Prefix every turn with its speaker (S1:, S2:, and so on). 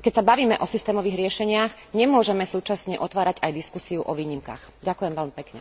S1: keď sa bavíme o systémových riešeniach nemôžeme súčasne otvárať aj diskusiu o výnimkách. ďakujem veľmi pekne.